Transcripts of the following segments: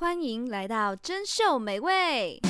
歡迎來到珍饈美味，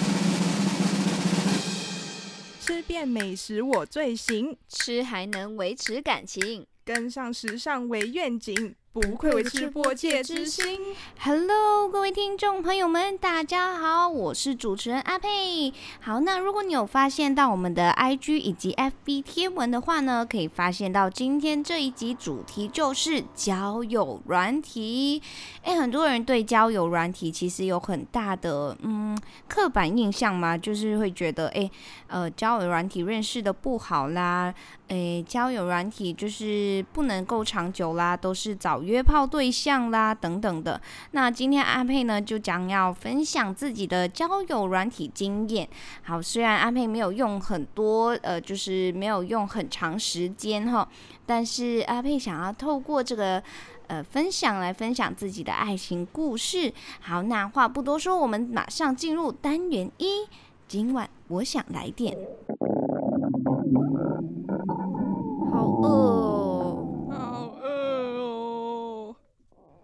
吃遍美食我最行，吃還能維持感情，跟上時尚為願景。不愧為吃播界之星。 Hello，各位聽眾朋友們，大家好，我是主持人阿佩。好，那如果你有發現到我們的 IG 以及 FB 貼文的話呢，可以發現到今天這一集主題就是交友軟體。哎、欸，很多人對交友軟體其實有很大的嗯刻板印象嘛，就是會覺得哎、欸，呃，交友軟體認識的不好啦。誒，交友軟體就是不能夠長久啦，都是找約炮對象啦等等的。那今天阿佩呢，就將要分享自己的交友軟體經驗。好，雖然阿佩沒有用很多，呃，就是沒有用很長時間哈、哦，但是阿佩想要透過這個，呃，分享來分享自己的愛情故事。好，那話不多說，我們馬上進入單元一。今晚我想來點。Oh, 哦，好餓哦！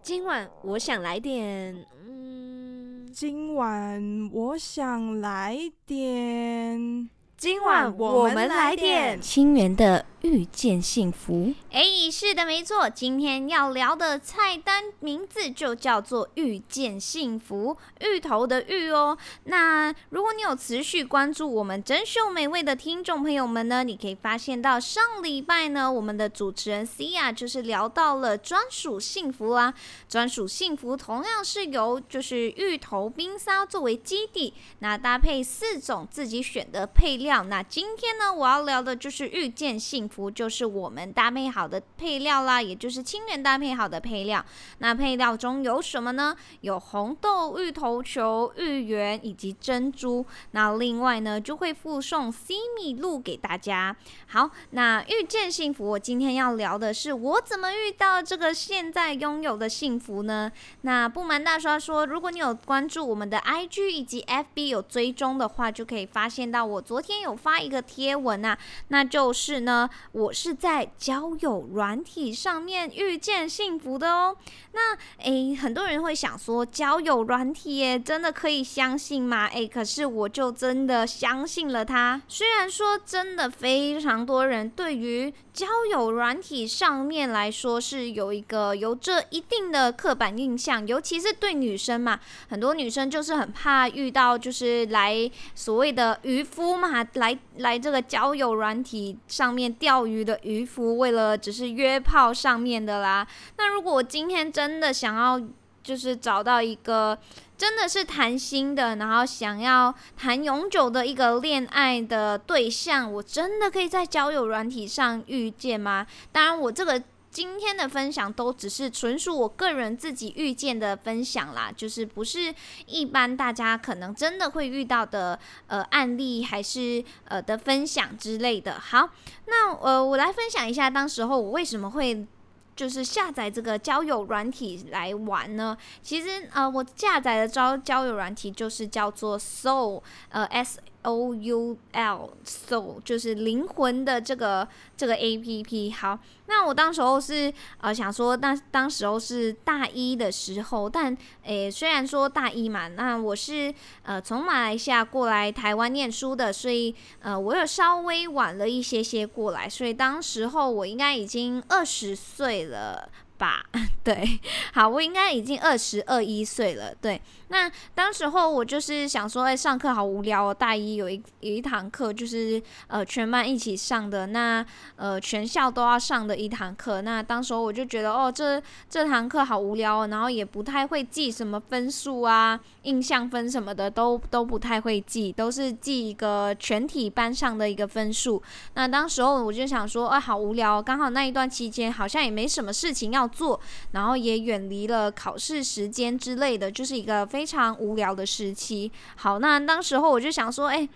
今晚我想來點，嗯，今晚我想來點，今晚我們來點，們來點清原的。芋見幸福，哎，是的，沒錯。今天要聊的菜單名字就叫做芋見幸福，芋頭的芋哦。那如果你有持續關注我們珍饈美味的聽眾朋友們呢，你可以發現到上禮拜呢，我們的主持人 Cia、啊、就是聊到了專屬幸福啊，專屬幸福同樣是由就是芋頭冰沙作為基底，那搭配四種自己選的配料。那今天呢，我要聊的就是芋見幸福。福就是我們搭配好的配料啦，也就是清原搭配好的配料。那配料中有什麼呢？有紅豆、芋頭球、芋圓以及珍珠。那另外呢，就會附送西米露給大家。好，那芋見幸福，我今天要聊的是我怎麼遇到這個現在擁有的幸福呢？那不瞞大刷說，如果你有關注我們的 IG 以及 FB 有追蹤的話，就可以發現到我昨天有發一個貼文啊，那就是呢。我是在交友軟體上面遇見幸福的哦。那誒、欸，很多人會想說，交友軟體欸真的可以相信嗎？誒、欸，可是我就真的相信了他。雖然說真的非常多人對於交友軟體上面來說是有一個有著一定的刻板印象，尤其是對女生嘛，很多女生就是很怕遇到就是來所謂的漁夫嘛，來來這個交友軟體上面。釣魚的漁夫為了只是約炮上面的啦。那如果我今天真的想要，就是找到一個真的是談心的，然後想要談永久的一個戀愛的對象，我真的可以在交友軟體上遇見嗎？當然，我這個。今天的分享都只是純屬我個人自己遇見的分享啦，就是不是一般大家可能真的會遇到的呃案例，還是呃的分享之類的。好，那呃我來分享一下當時候我為什麼會就是下載這個交友軟體來玩呢？其實呃我下載的這交友軟體就是叫做 Soul 呃 S。O U L Soul，就是靈魂的這個這個 A P P。好，那我當時候是呃想說那，但當時候是大一的時候，但誒、欸，雖然說大一嘛，那我是呃從馬來西亞過來台灣念書的，所以呃我有稍微晚了一些些過來，所以當時候我應該已經二十歲了。吧，對好，我應該已經二十二一歲了。對，那當時候我就是想說，哎，上課好無聊哦。大一有一有一堂課，就是呃全班一起上的，那呃全校都要上的一堂課。那當時候我就覺得哦，這這堂課好無聊哦。然後也不太會記什麼分數啊，印象分什麼的都都不太會記，都是記一個全體班上的一個分數。那當時候我就想說，哎，好無聊哦。剛好那一段期間好像也沒什麼事情要。做，然後也遠離了考試時間之類的，就是一個非常無聊的時期。好，那當時候我就想說，哎。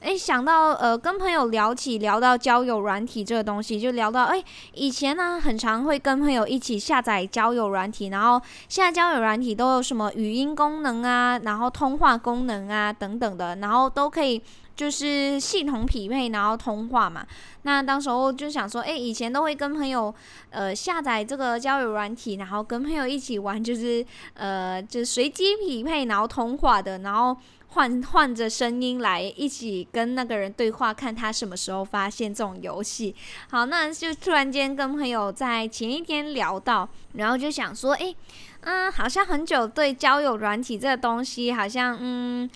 哎，想到呃，跟朋友聊起，聊到交友軟體這個東西，就聊到哎，以前呢，很常會跟朋友一起下載交友軟體，然後現在交友軟體都有什麼語音功能啊，然後通話功能啊等等的，然後都可以就是系統匹配，然後通話嘛。那當時候就想說，哎，以前都會跟朋友呃下載這個交友軟體，然後跟朋友一起玩，就是呃就隨機匹配，然後通話的，然後。換換着聲音來一起跟那個人對話，看他什麼時候發現這種遊戲。好，那就突然間跟朋友在前一天聊到，然後就想說，誒、欸，嗯，好像很久對交友軟體這個東西，好像嗯。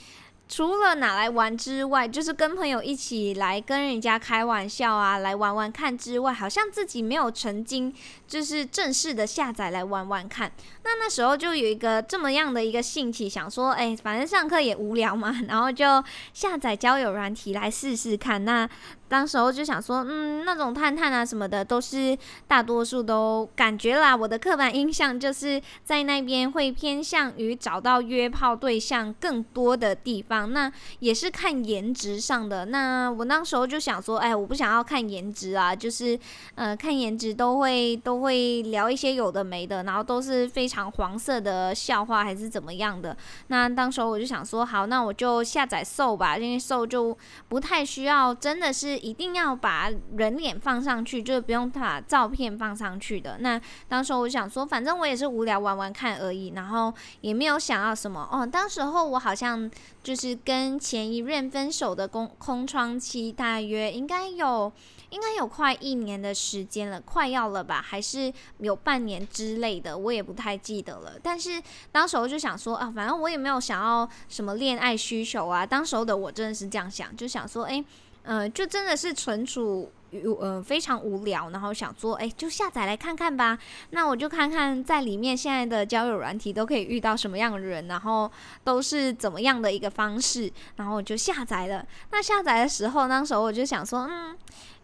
除了拿來玩之外，就是跟朋友一起來跟人家開玩笑啊，來玩玩看之外，好像自己沒有曾經就是正式的下載來玩玩看。那那時候就有一個這麼樣的一個興起，想說，哎、欸，反正上課也無聊嘛，然後就下載交友軟體來試試看。那當時我就想說，嗯，那種探探啊什麼的，都是大多數都感覺啦。我的刻板印象就是在那邊會偏向於找到約炮對象更多的地方，那也是看顏值上的。那我那時候就想說，哎，我不想要看顏值啊，就是，呃，看顏值都會都會聊一些有的沒的，然後都是非常黃色的笑話還是怎麼樣的。那當時候我就想說，好，那我就下載 Soul 吧，因為 Soul 就不太需要，真的是。一定要把人臉放上去，就是不用把照片放上去的。那當時我想說，反正我也是無聊玩玩看而已，然後也沒有想要什麼哦。當時候我好像就是跟前一任分手的空空窗期，大約應該有應該有快一年的時間了，快要了吧？還是有半年之類的，我也不太記得了。但是當時候就想說啊，反正我也沒有想要什麼戀愛需求啊。當時候的我真的是這樣想，就想說，哎、欸。嗯、呃，就真的是純屬於嗯、呃、非常無聊，然後想說，哎、欸，就下載來看看吧。那我就看看在裡面現在的交友軟體都可以遇到什麼樣的人，然後都是怎麼樣的一個方式，然後我就下載了。那下載的時候，那時候我就想說，嗯。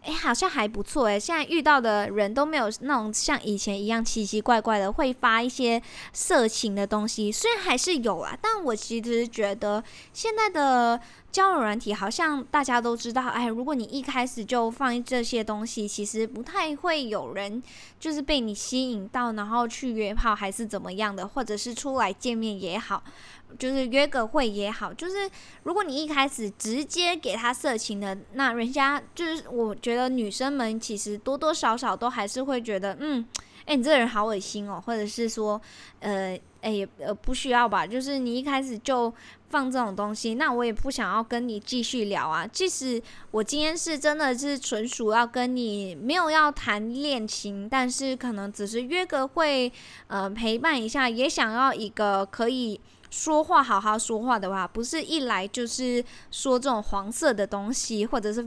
哎，好像還不錯哎。現在遇到的人都沒有那種像以前一樣奇奇怪怪的，會發一些色情的東西。雖然還是有啊，但我其實覺得現在的交友軟體好像大家都知道，哎，如果你一開始就放這些東西，其實不太會有人就是被你吸引到，然後去約炮還是怎麼樣的，或者是出來見面也好。就是約個會也好，就是如果你一開始直接給他色情的，那人家就是我覺得女生們其實多多少少都還是會覺得，嗯，哎、欸，你這個人好惡心哦，或者是說，呃，哎、欸，呃，不需要吧？就是你一開始就放這種東西，那我也不想要跟你繼續聊啊。即使我今天是真的是純屬要跟你沒有要談戀情，但是可能只是約個會，嗯、呃，陪伴一下，也想要一個可以。說話好好說話的話，不是一來就是說這種黃色的東西，或者是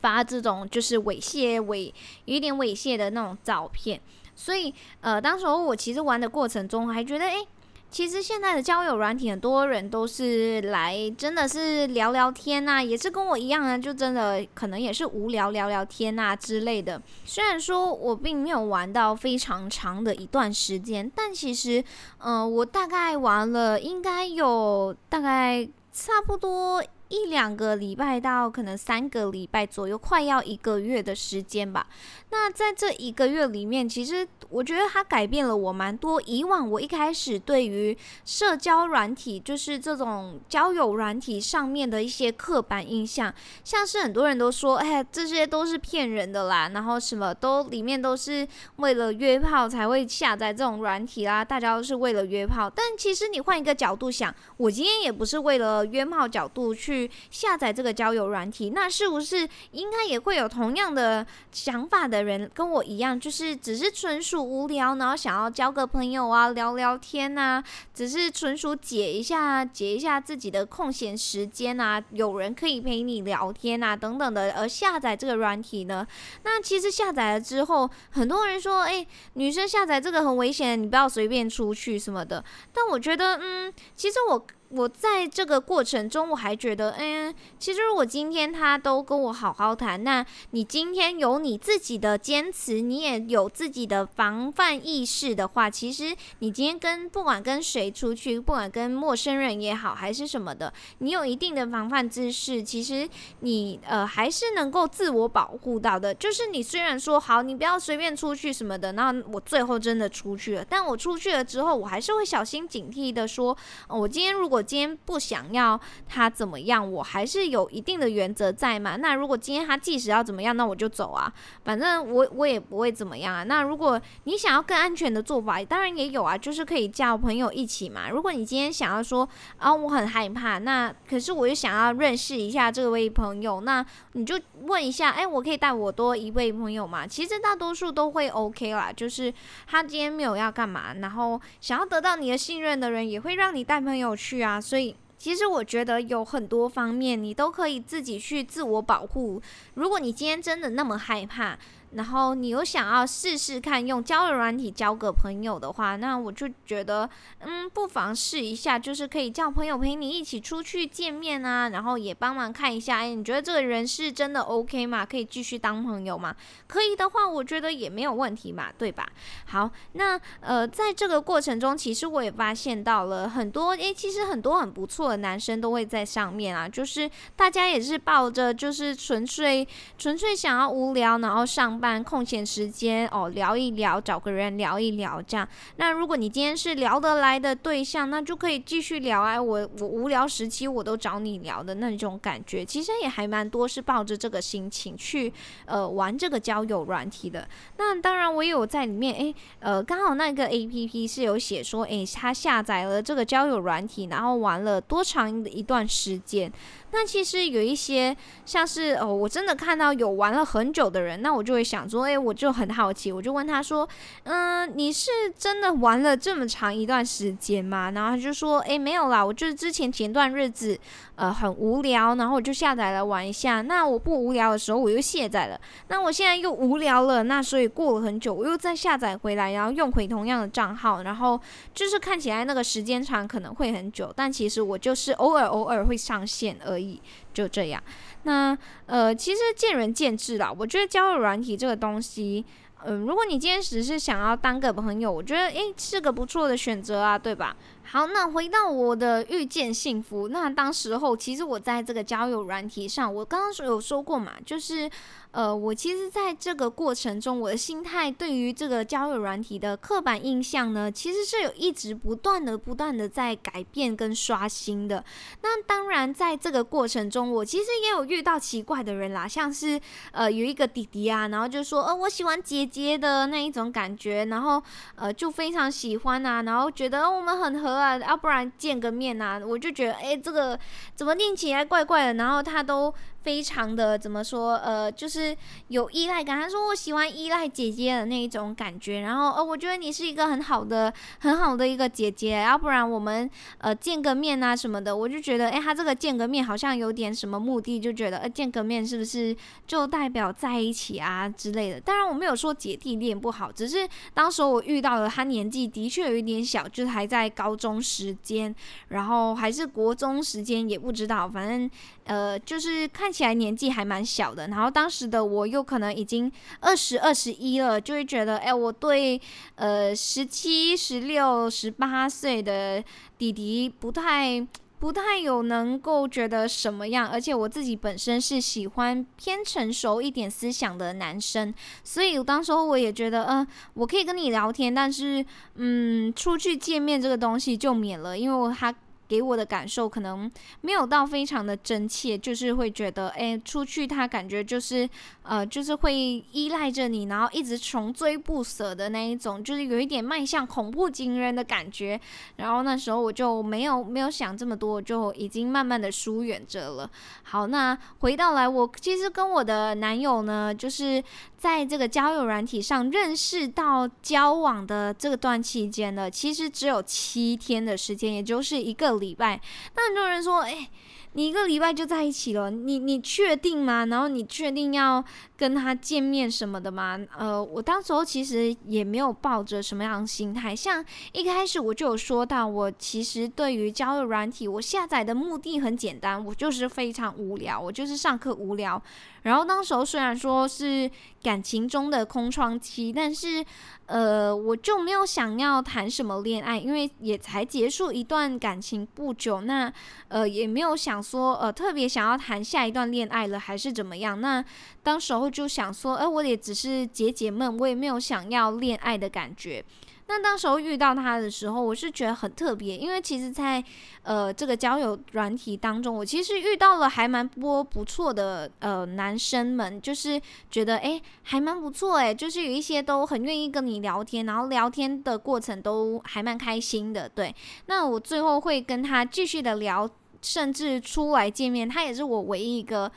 發這種就是猥褻、猥，有一點猥褻的那種照片。所以，呃，當時候我其實玩的過程中還覺得，誒。其實現在的交友軟體，很多人都是來，真的是聊聊天吶、啊，也是跟我一樣啊，就真的可能也是無聊聊聊天啊之類的。雖然說我並沒有玩到非常長的一段時間，但其實，呃，我大概玩了，應該有大概差不多。一兩個禮拜到可能三個禮拜左右，快要一個月的時間吧。那在這一個月裡面，其實我覺得它改變了我蠻多。以往我一開始對於社交軟體，就是這種交友軟體上面的一些刻板印象，像是很多人都說，哎，這些都是騙人的啦，然後什麼都裡面都是為了約炮才會下載這種軟體啦，大家都是為了約炮。但其實你換一個角度想，我今天也不是為了約炮角度去，去下載這個交友軟體，那是不是應該也會有同樣的想法的人跟我一樣，就是只是純屬無聊，然後想要交個朋友啊，聊聊天啊，只是純屬解一下解一下自己的空閒時間啊，有人可以陪你聊天啊等等的，而下載這個軟體呢？那其實下載了之後，很多人說，哎、欸，女生下載這個很危險，你不要隨便出去什麼的。但我覺得，嗯，其實我。我在這個過程中，我還覺得，嗯，其實如果今天他都跟我好好談，那你今天有你自己的堅持，你也有自己的防範意識的話，其實你今天跟不管跟誰出去，不管跟陌生人也好還是什麼的，你有一定的防範知識，其實你呃還是能夠自我保護到的。就是你雖然說好，你不要隨便出去什麼的，那我最後真的出去了，但我出去了之後，我還是會小心警惕地說，呃，我今天如果今天不想要他怎麼樣，我還是有一定的原則在嘛。那如果今天他即使要怎麼樣，那我就走啊，反正我我也不會怎麼樣啊。那如果你想要更安全的做法，當然也有啊，就是可以叫朋友一起嘛。如果你今天想要說，啊，我很害怕，那可是我又想要認識一下這位朋友，那你就問一下，哎，我可以帶我多一位朋友嗎？其實大多數都會 OK 啦，就是他今天沒有要幹嘛，然後想要得到你的信任的人，也會讓你帶朋友去啊。啊，所以其實我覺得有很多方面，你都可以自己去自我保護。如果你今天真的那麼害怕，然後你有想要試試看用交友軟體交個朋友的話，那我就覺得，嗯，不妨試一下，就是可以叫朋友陪你一起出去見面啊，然後也幫忙看一下，哎，你覺得這個人是真的 OK 嗎？可以繼續當朋友嗎？可以的話，我覺得也沒有問題嘛，對吧？好，那呃，在這個過程中，其實我也發現到了很多，哎，其實很多很不錯的男生都會在上面啊，就是大家也是抱着就是純粹純粹想要無聊，然後上班。空閒時間哦，聊一聊，找個人聊一聊這樣。那如果你今天是聊得來的對象，那就可以繼續聊啊、哎。我我無聊時期我都找你聊的那種感覺，其實也還蠻多是抱着這個心情去呃玩這個交友軟體的。那當然我也有在裡面誒，呃，剛好那個 A P P 是有寫說誒，他下載了這個交友軟體，然後玩了多長一段時間。那其實有一些像是哦，我真的看到有玩了很久的人，那我就會想說，哎，我就很好奇，我就問他說，嗯，你是真的玩了這麼長一段時間嗎？然後他就說，哎，沒有啦，我就是之前前段日子呃很無聊，然後我就下載了玩一下。那我不無聊的時候，我又卸載了。那我現在又無聊了，那所以過了很久，我又再下載回來，然後用回同樣的賬號，然後就是看起來那個時間長可能會很久，但其實我就是偶爾偶爾會上線而已。就這樣，那呃，其實見仁見智啦。我覺得交友軟體這個東西，嗯、呃，如果你今天只是想要當個朋友，我覺得誒，是個不錯的選擇啊，對吧？好，那回到我的遇見幸福，那當時候其實我在這個交友軟體上，我剛剛有說過嘛，就是呃，我其實在這個過程中，我的心態對於這個交友軟體的刻板印象呢，其實是有一直不斷的不斷的在改變跟刷新的。那當然，在這個過程中，我其實也有遇到奇怪的人啦，像是呃有一個弟弟啊，然後就說呃我喜歡姐姐的那一種感覺，然後呃就非常喜歡啊，然後覺得我們很合。啊，要不然見個面吶啊，我就覺得哎，這個怎麼念起來怪怪的，然後他都，非常的怎麼說呃，就是有依賴感。他說我喜歡依賴姐姐的那一種感覺。然後呃，我覺得你是一個很好的很好的一個姐姐。要、啊、不然我們呃見個面啊什麼的，我就覺得哎、欸，他這個見個面好像有點什麼目的，就覺得呃，見個面是不是就代表在一起啊之類的？當然我沒有說姐弟戀不好，只是當時我遇到了他年紀的確有一點小，就是還在高中時間，然後還是國中時間也不知道，反正呃就是看。起來年紀還蠻小的，然後當時的我又可能已經二十二十一了，就會覺得，誒，我對呃十七、十六、十八歲的弟弟不太不太有能夠覺得什麼樣，而且我自己本身是喜歡偏成熟一點思想的男生，所以當時候我也覺得，嗯、呃，我可以跟你聊天，但是嗯，出去見面這個東西就免了，因為我還。給我的感受可能沒有到非常的真切，就是會覺得，哎、欸，出去他感覺就是，呃，就是會依賴着你，然後一直窮追不捨的那一種，就是有一點邁向恐怖驚人的感覺。然後那時候我就沒有沒有想這麼多，就已經慢慢的疏遠着了。好，那回到來，我其實跟我的男友呢，就是。在這個交友軟體上認識到交往的這個段期間呢，其實只有七天的時間，也就是一個禮拜。那很多人說，哎、欸。你一個禮拜就在一起了，你你確定嗎？然後你確定要跟他見面什麼的嗎？呃，我當時候其實也沒有抱着什麼樣的心態，像一開始我就有說到，我其實對於交友軟體，我下載的目的很簡單，我就是非常無聊，我就是上課無聊。然後當時候雖然說是感情中的空窗期，但是呃，我就沒有想要談什麼戀愛，因為也才結束一段感情不久，那呃也沒有想。說呃特別想要談下一段戀愛了還是怎麼樣？那當時候就想說，哎、呃，我也只是解解悶，我也沒有想要戀愛的感覺。那當時候遇到他的時候，我是覺得很特別，因為其實在，在呃這個交友軟體當中，我其實遇到了還蠻多不錯的呃男生們，就是覺得哎還蠻不錯誒，就是有一些都很願意跟你聊天，然後聊天的過程都還蠻開心的。對，那我最後會跟他繼續的聊。甚至出來見面，他也是我唯一一個，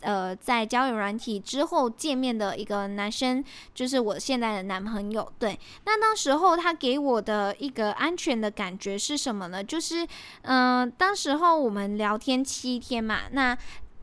呃，在交友軟體之後見面的一個男生，就是我現在的男朋友。對，那當時候他給我的一個安全的感覺是什麼呢？就是，嗯、呃，當時候我們聊天七天嘛，那。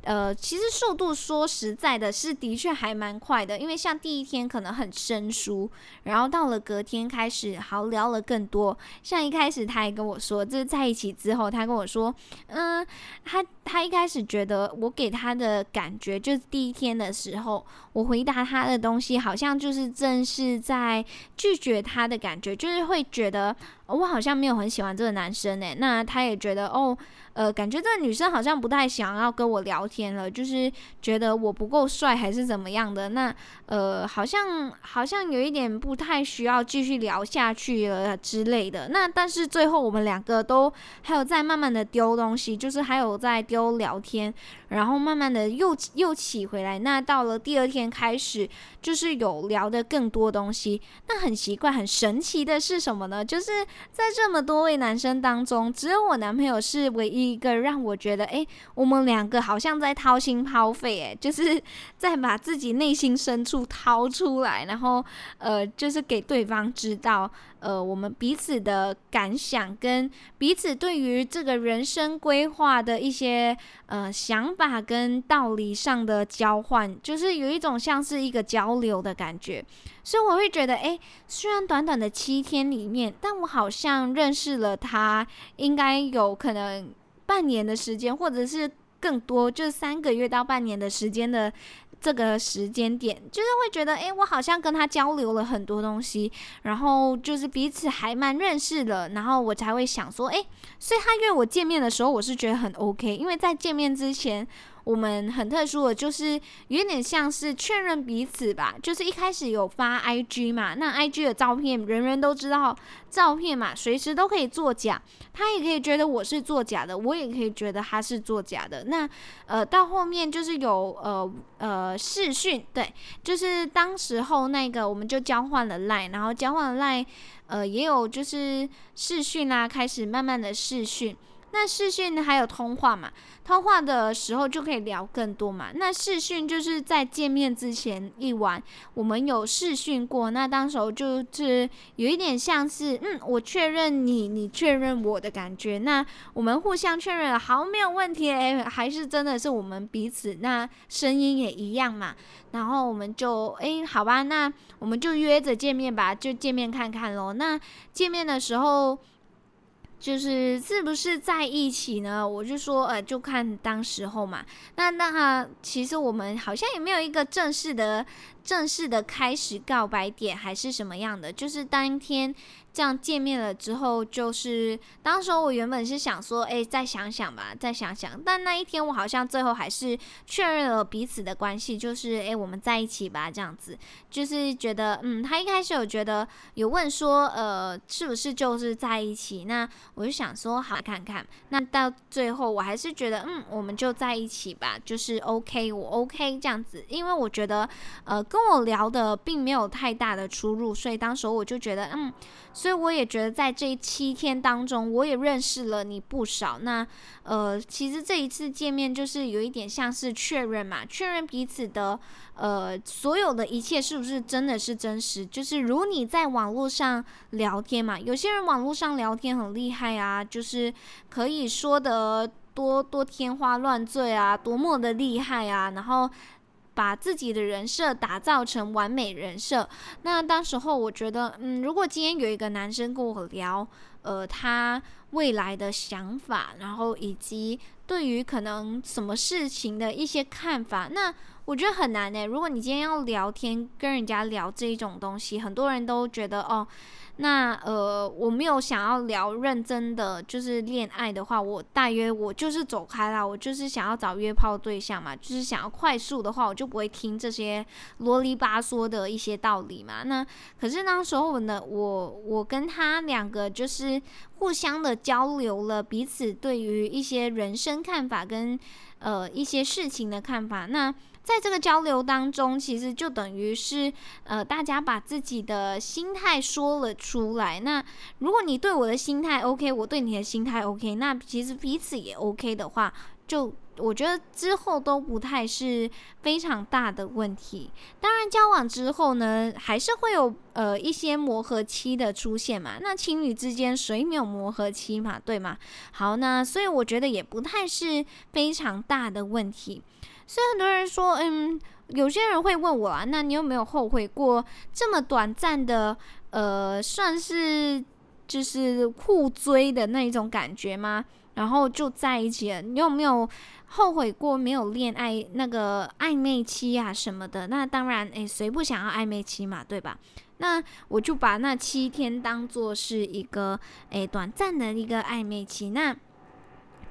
呃，其實速度說實在的，是的確還蠻快的。因為像第一天可能很生疏，然後到了隔天開始好聊了更多。像一開始他也跟我說，就是在一起之後，他跟我說，嗯，他他一開始覺得我給他的感覺，就是第一天的時候，我回答他的東西好像就是正是在拒絕他的感覺，就是會覺得。我好像沒有很喜歡這個男生哎，那他也覺得哦，呃，感覺這個女生好像不太想要跟我聊天了，就是覺得我不夠帥還是怎麼樣的。那呃，好像好像有一點不太需要繼續聊下去了之類的。那但是最後我們兩個都還有在慢慢的丟東西，就是還有在丟聊天，然後慢慢的又又起回來。那到了第二天開始，就是有聊的更多東西。那很奇怪，很神奇的是什麼呢？就是。在這麼多位男生當中，只有我男朋友是唯一一個讓我覺得，哎、欸，我們兩個好像在掏心掏肺，欸，就是在把自己內心深處掏出來，然後，呃，就是給對方知道，呃，我們彼此的感想跟彼此對於這個人生規劃的一些呃想法跟道理上的交換，就是有一種像是一個交流的感覺。所以我會覺得，誒、欸，雖然短短的七天裡面，但我好像認識了他，應該有可能半年的時間，或者是更多，就是三個月到半年的時間的這個時間點，就是會覺得，誒、欸，我好像跟他交流了很多東西，然後就是彼此還蠻認識的，然後我才會想說，哎、欸，所以他約我見面的時候，我是覺得很 OK，因為在見面之前。我們很特殊的就是有點像是確認彼此吧，就是一開始有發 IG 嘛，那 IG 的照片人人都知道，照片嘛，隨時都可以作假，他也可以覺得我是作假的，我也可以覺得他是作假的。那呃到後面就是有呃呃視訊，對，就是當時候那個我們就交換了 line，然後交換了 line，呃也有就是視訊啦、啊，開始慢慢的視訊。那視訊還有通話嘛？通話的時候就可以聊更多嘛。那視訊就是在見面之前一晚，我們有視訊過。那當時就是有一點像是，嗯，我確認你，你確認我的感覺。那我們互相確認了，好，沒有問題。哎，還是真的是我們彼此那聲音也一樣嘛。然後我們就，哎，好吧，那我們就約着見面吧，就見面看看咯。那見面的時候。就是是不是在一起呢？我就說，呃，就看當時候嘛。那那、呃、其實我們好像也沒有一個正式的、正式的開始告白點還是什麼樣的，就是當天。這樣見面了之後，就是當時我原本是想說，哎，再想想吧，再想想。但那一天我好像最後還是確認了彼此的關係，就是哎，我們在一起吧，這樣子。就是覺得，嗯，他一開始有覺得有問說，呃，是不是就是在一起？那我就想說，好，看看。那到最後我還是覺得，嗯，我們就在一起吧，就是 OK，我 OK 這樣子。因為我覺得，呃，跟我聊的並沒有太大的出入，所以當時我就覺得，嗯。所以我也覺得，在這七天當中，我也認識了你不少。那呃，其實這一次見面就是有一點像是確認嘛，確認彼此的呃所有的一切是不是真的是真實。就是如你在網絡上聊天嘛，有些人網絡上聊天很厲害啊，就是可以說得多多天花亂墜啊，多麼的厲害啊，然後。把自己的人設打造成完美人設。那當時候我覺得，嗯，如果今天有一個男生跟我聊，呃，他未來的想法，然後以及對於可能什麼事情的一些看法，那。我覺得很難誒。如果你今天要聊天跟人家聊這一種東西，很多人都覺得哦，那呃，我沒有想要聊認真的，就是戀愛的話，我大約我就是走開啦。我就是想要找約炮對象嘛，就是想要快速的話，我就不會聽這些囉里吧嗦的一些道理嘛。那可是那時候呢，我我跟他兩個就是互相的交流了彼此對於一些人生看法跟呃一些事情的看法，那。在這個交流當中，其實就等於是，呃，大家把自己的心態說了出來。那如果你對我的心態 OK，我對你的心態 OK，那其實彼此也 OK 的話，就我覺得之後都不太是非常大的問題。當然，交往之後呢，還是會有呃一些磨合期的出現嘛。那情侶之間誰沒有磨合期嘛？對嗎？好呢，那所以我覺得也不太是非常大的問題。所以很多人說，嗯，有些人會問我啊，那你有沒有後悔過這麼短暫的，呃，算是就是互追的那一種感覺嗎？然後就在一起了，你有沒有後悔過沒有戀愛那個曖昧期啊什麼的？那當然，哎，誰不想要曖昧期嘛，對吧？那我就把那七天當做是一個，哎，短暫的一個曖昧期那。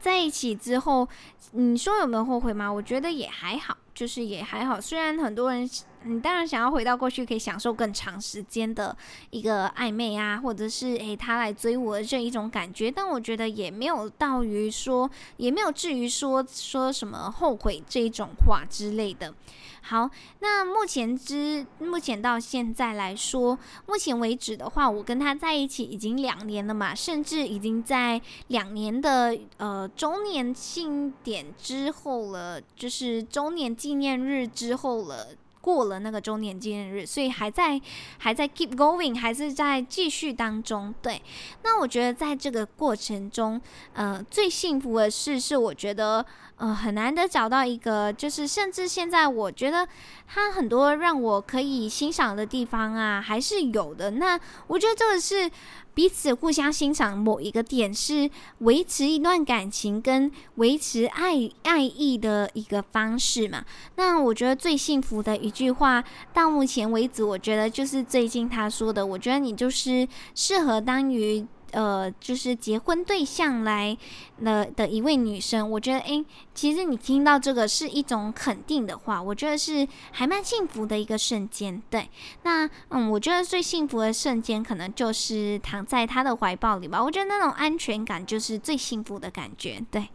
在一起之後，你說有沒有後悔嗎？我覺得也還好，就是也還好，雖然很多人，你當然想要回到過去，可以享受更長時間的一個曖昧啊，或者是誒，他來追我的這一種感覺，但我覺得也沒有到於說，也沒有至於說說什麼後悔這一種話之類的。好，那目前之目前到現在來說，目前為止的話，我跟他在一起已經兩年了嘛，甚至已經在兩年的呃週年慶典之後了，就是週年紀念日之後了。過了那個週年紀念日，所以還在還在 keep going，還是在繼續當中。對，那我覺得在這個過程中，呃，最幸福的事是，是我覺得。呃，很難得找到一個，就是甚至現在我覺得他很多讓我可以欣賞的地方啊，還是有的。那我覺得這個是彼此互相欣賞某一個點，是維持一段感情跟維持愛愛意的一個方式嘛。那我覺得最幸福的一句話，到目前為止，我覺得就是最近他說的，我覺得你就是適合當於呃，就是結婚對象來了的，的一位女生。我覺得，哎。其實你聽到這個是一種肯定的話，我覺得是還蠻幸福的一個瞬間。對，那嗯，我覺得最幸福的瞬間可能就是躺在他的懷抱裡吧。我覺得那種安全感就是最幸福的感覺。對，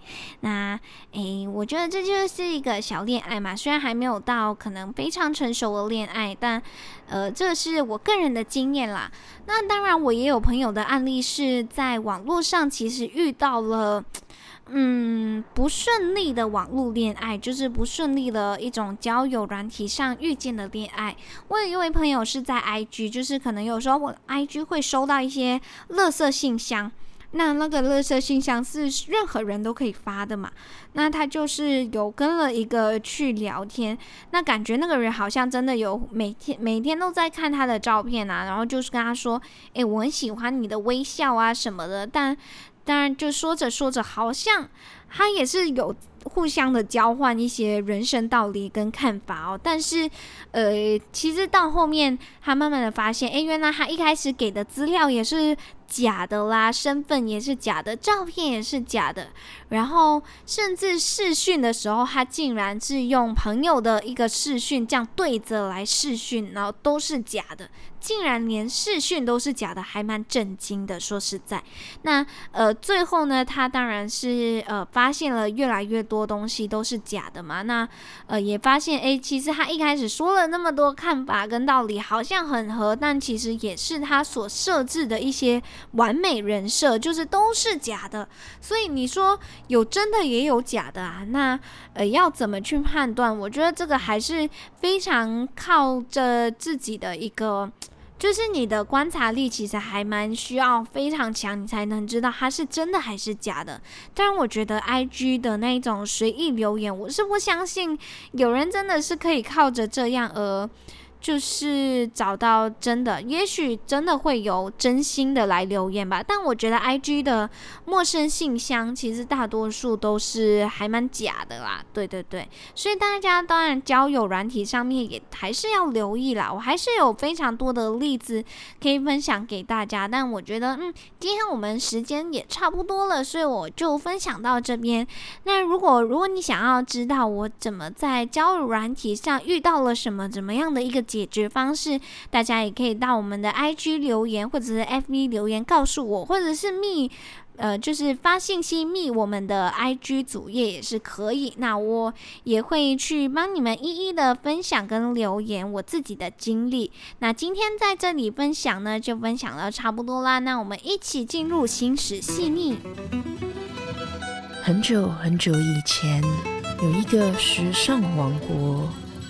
那誒，我覺得這就是一個小戀愛嘛，雖然還沒有到可能非常成熟的戀愛，但呃，這是我個人的經驗啦。那當然，我也有朋友的案例是在網絡上，其實遇到了。嗯，不順利的網絡戀愛就是不順利的一種交友軟體上遇見的戀愛。我有一位朋友是在 IG，就是可能有時候我 IG 會收到一些垃圾信箱，那那個垃圾信箱是任何人都可以發的嘛？那他就是有跟了一個去聊天，那感覺那個人好像真的有每天每天都在看他的照片啊，然後就是跟他說，誒、欸，我很喜歡你的微笑啊什麼的，但。當然，就說着說着，好像他也是有。互相的交換一些人生道理跟看法哦，但是，呃，其實到後面他慢慢的發現，哎，原來他一開始給的資料也是假的啦，身份也是假的，照片也是假的，然後甚至視訊的時候，他竟然是用朋友的一個視訊這樣對着來視訊，然後都是假的，竟然連視訊都是假的，還蠻震驚的，說實在，那呃最後呢，他當然是呃發現了越來越多。多東西都是假的嘛，那呃，也發現誒，其實他一開始說了那麼多看法跟道理，好像很合，但其實也是他所設置的一些完美人設，就是都是假的。所以你說有真的也有假的啊，那呃，要怎麼去判斷？我覺得這個還是非常靠着自己的一個。就是你的觀察力其實還蠻需要非常強，你才能知道它是真的還是假的。但我覺得 I G 的那種隨意留言，我是不相信有人真的是可以靠着這樣而。就是找到真的，也許真的會有真心的來留言吧。但我覺得 IG 的陌生信箱其實大多數都是還蠻假的啦。對對對，所以大家當然交友軟體上面也還是要留意啦。我還是有非常多的例子可以分享給大家，但我覺得嗯，今天我們時間也差不多了，所以我就分享到這邊。那如果如果你想要知道我怎麼在交友軟體上遇到了什麼怎麼樣的一個。解決方式，大家也可以到我們的 IG 留言，或者是 FB 留言告訴我，或者是密，呃，就是發信息密我們的 IG 主頁也是可以。那我也會去幫你們一一的分享跟留言我自己的經歷。那今天在這裡分享呢，就分享到差不多啦。那我們一起進入新時《心食細膩》。很久很久以前，有一個時尚王國。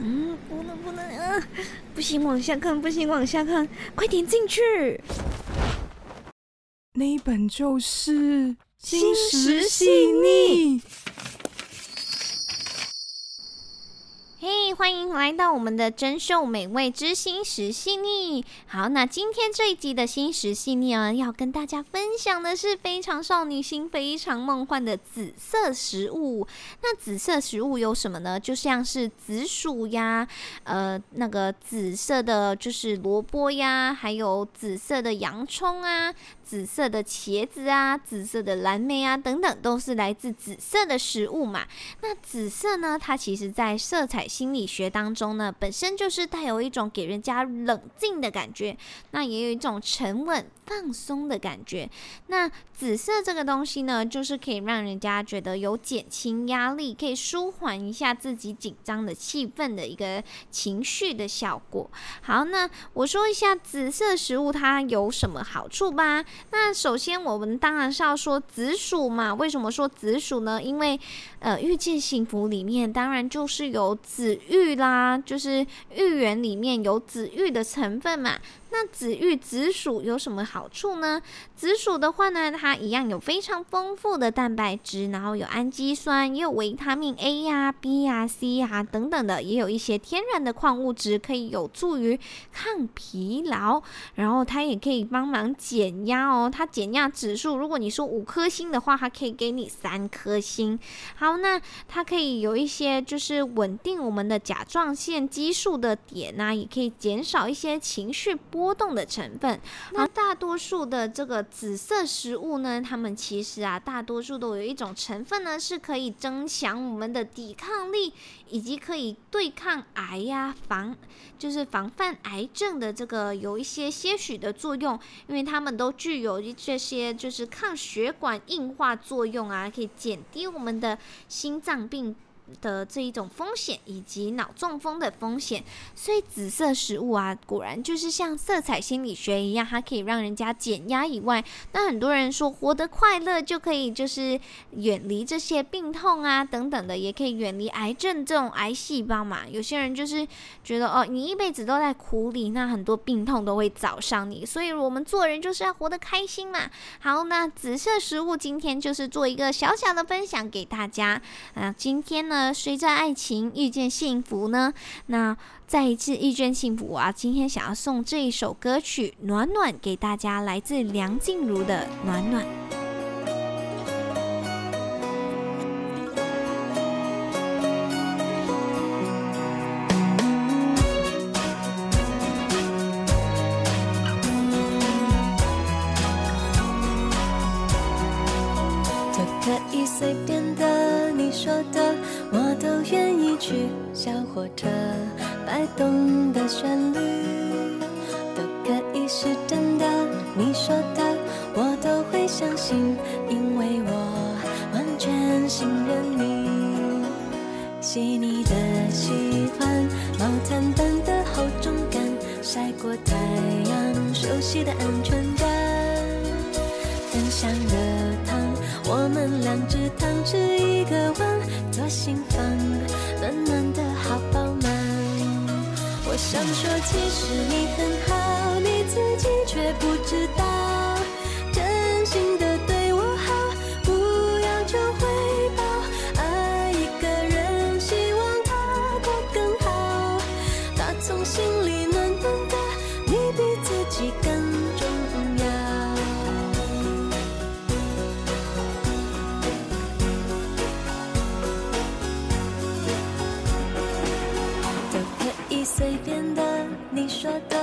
嗯，不能不能，啊！不行，往下看，不行，往下看，快點進去。那一本就是心食細膩。嘿，hey, 歡迎來到我們的《珍饈美味之心食細膩》。好，那今天這一集的心食細膩啊，要跟大家分享的是非常少女心、非常夢幻的紫色食物。那紫色食物有什麼呢？就像是紫薯呀，呃，那個紫色的就是蘿蔔呀，還有紫色的洋蔥啊，紫色的茄子啊，紫色的藍莓啊等等，都是來自紫色的食物嘛。那紫色呢，它其實在色彩。心理學當中呢，本身就是帶有一種給人家冷靜的感覺，那也有一種沉穩、放鬆的感覺，那紫色這個東西呢，就是可以讓人家覺得有減輕壓力，可以舒緩一下自己緊張的氣氛，的一個情緒的效果。好，那我說一下紫色食物它有什麼好處吧。那首先我們當然是要說紫薯嘛，為什麼說紫薯呢？因為呃，《芋見幸福》裡面當然就是有紫芋啦，就是芋圓裡面有紫芋的成分嘛。那紫芋紫薯有什麼好處呢？紫薯的話呢，它一樣有非常豐富的蛋白質，然後有氨基酸，也有維他命 A 呀、啊、B 呀、啊、C 呀、啊、等等的，也有一些天然的礦物質，可以有助於抗疲勞，然後它也可以幫忙減壓哦。它減壓指數，如果你說五顆星的話，它可以給你三顆星。好，那它可以有一些就是穩定我們的甲狀腺激素的點吶、啊，也可以減少一些情緒波動的成分。而大多數的這個。紫色食物呢，它們其實啊，大多數都有一種成分呢，是可以增強我們的抵抗力，以及可以對抗癌呀、啊、防，就是防範癌症的這個有一些些許的作用，因為它們都具有這些就是抗血管硬化作用啊，可以減低我們的心臟病。的這一種風險以及腦中風的風險，所以紫色食物啊，果然就是像色彩心理學一樣，它可以讓人家減壓以外，那很多人說活得快樂就可以，就是遠離這些病痛啊等等的，也可以遠離癌症這種癌細胞嘛。有些人就是覺得哦，你一輩子都在苦裡，那很多病痛都會找上你，所以我們做人就是要活得開心嘛。好，那紫色食物今天就是做一個小小的分享給大家啊，今天呢。而隨著愛情遇見幸福呢？那再一次遇見幸福啊！今天想要送這一首歌曲《暖暖》給大家，來自梁靜茹的《暖暖》。 嗯嗯、都可以隨便的，你說的。我都願意去，小火車擺動的旋律，都可以是真的，你說的。其實你很好。你說的，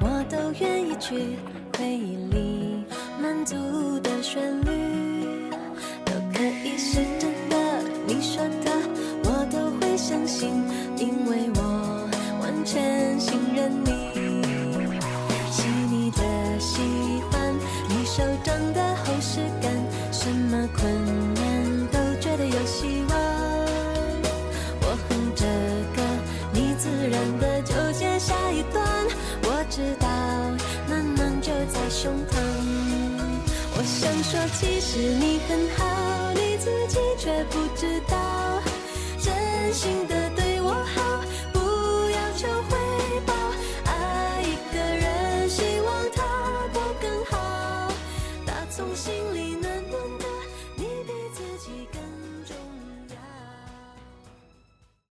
我都願意去回憶裡滿足的旋律，都可以是真的。你說的，我都會相信，因為我完全信任你。說其實你很好，你自己卻不知道，真心的。